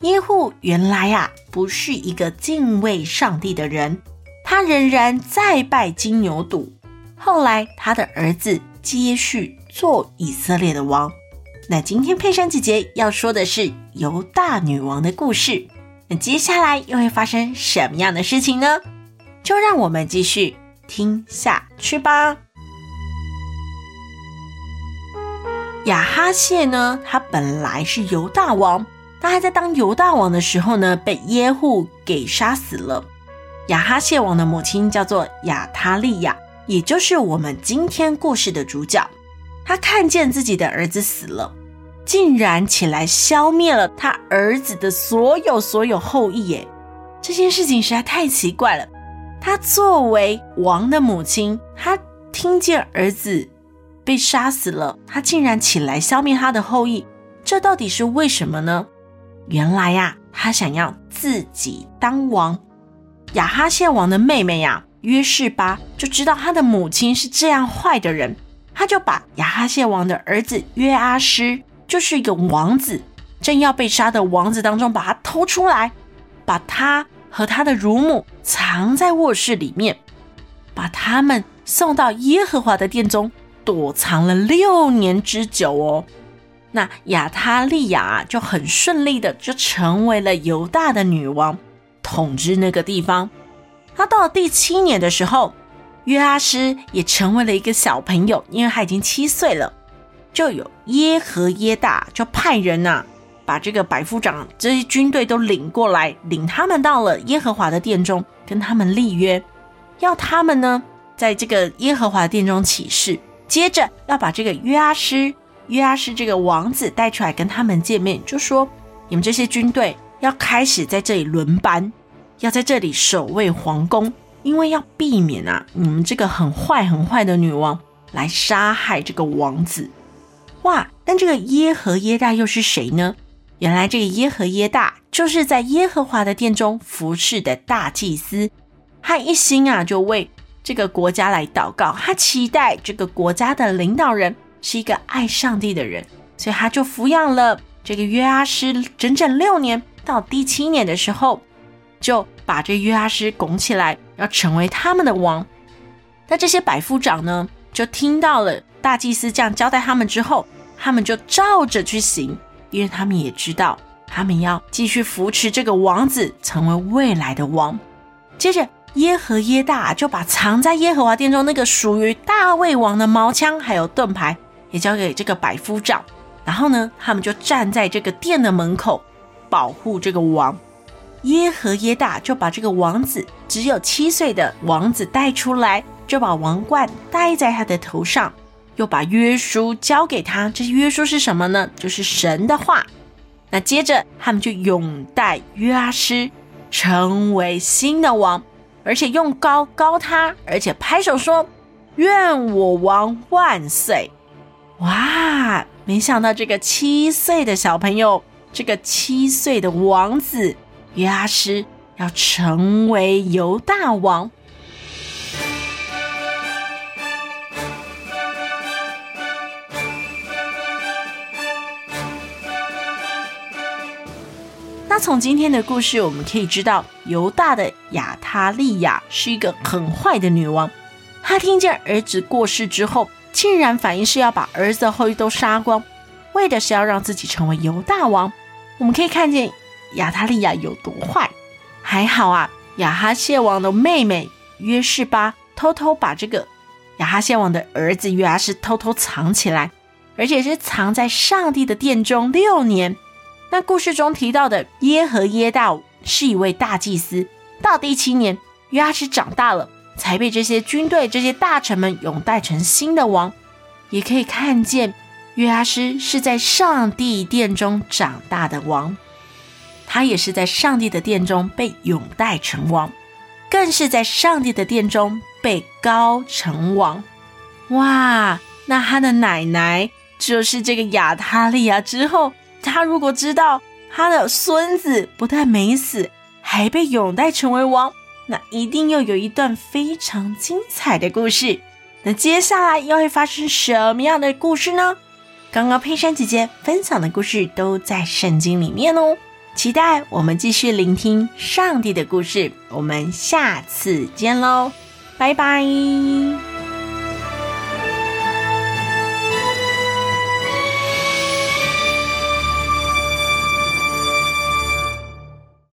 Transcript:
耶戶原來呀、啊、不是一個敬畏上帝的人，他仍然在拜金牛犢。後來他的兒子接續做以色列的王。那今天佩珊姐姐要說的是猶大女王的故事。那接下來又會發生什麼樣的事情呢？就讓我們繼續聽下去吧。亞哈謝呢，他本來是猶大王。他還在當猶大王的時候呢，被耶戶給殺死了。亞哈謝王的母親叫做亞他利雅，也就是我們今天故事的主角。他看見自己的兒子死了，竟然起來消滅了他兒子的所有所有後裔耶。這件事情實在太奇怪了。他作為王的母親，他聽見兒子被殺死了，他竟然起來消滅他的後裔，這到底是為什麼呢？原來呀、啊，他想要自己當王。亞哈謝王的妹妹呀、啊，約示巴就知道他的母親是這樣壞的人，他就把亞哈謝王的兒子約阿施，就是一個王子，正要被殺的王子當中，把他偷出來，把他和他的乳母藏在臥室裡面，把他們送到耶和華的殿中躲藏了六年之久哦。那亞他利雅就很順利的就成為了猶大的女王，統治那個地方。他到了第七年的時候，約阿施也成為了一個小朋友，因為他已經七歲了。就有耶和耶大就派人吶、啊，把這個百夫長這些軍隊都領過來，領他們到了耶和華的殿中，跟他們立約，要他們呢在這個耶和華殿中起誓。接着要把這個約阿施。約阿施這個王子帶出來跟他們見面，就說：“你們這些軍隊要開始在這裡輪班，要在這裡守衛皇宮，因為要避免啊，你們這個很壞很壞的女王來殺害這個王子。”哇！但這個耶和耶大又是誰呢？原來這個耶和耶大就是在耶和華的殿中服侍的大祭司，他一心啊就為這個國家來禱告，他期待這個國家的領導人。是一個愛上帝的人，所以他就撫養了這個約阿施，整整六年。到第七年的時候，就把這約阿施拱起來，要成為他們的王。那這些百夫長呢，就聽到了大祭司這樣交代他們之後，他們就照着去行，因為他們也知道他們要繼續扶持這個王子成為未來的王。接着，耶和耶大就把藏在耶和華殿中那個屬於大衛王的矛槍，還有盾牌，交給這個百夫長，然後呢，他們就站在這個殿的門口保護這個王。耶何耶大就把這個王子只有七歲的王子帶出來，就把王冠戴在他的頭上，又把約書交給他。這些約書是什麼呢？就是神的話。那接着他們就擁戴約阿施成為新的王，而且用膏膏他，而且拍手說：“願我王萬歲！”哇！沒想到這個七歲的小朋友，這個七歲的王子約阿施要成為猶大王。那從今天的故事，我們可以知道，猶大的亞他利雅是一個很壞的女王。她聽見兒子過世之後，竟然反應是要把兒子的後裔都殺光，為的是要讓自己成為猶大王，我們可以看見亞他利雅有多壞。還好啊，亞哈謝王的妹妹約示巴偷偷把這個亞哈謝王的兒子約阿施偷偷藏起來，而且是藏在上帝的殿中六年。那故事中提到的耶何耶大是一位大祭司。到第七年，約阿施長大了。才被這些軍隊、這些大臣們擁戴成新的王，也可以看見約阿施是在上帝殿中長大的王，他也是在上帝的殿中被擁戴成王，更是在上帝的殿中被膏成王。哇！那他的奶奶就是這個亞他利雅之後，他如果知道他的孫子不但沒死，還被擁戴成為王。那一定又有一段非常精彩的故事。那接下來又會發生什麼樣的故事呢？剛剛佩珊姐姐分享的故事都在聖經裡面哦，期待我們繼續聆聽上帝的故事。我們下次見嘍，拜拜。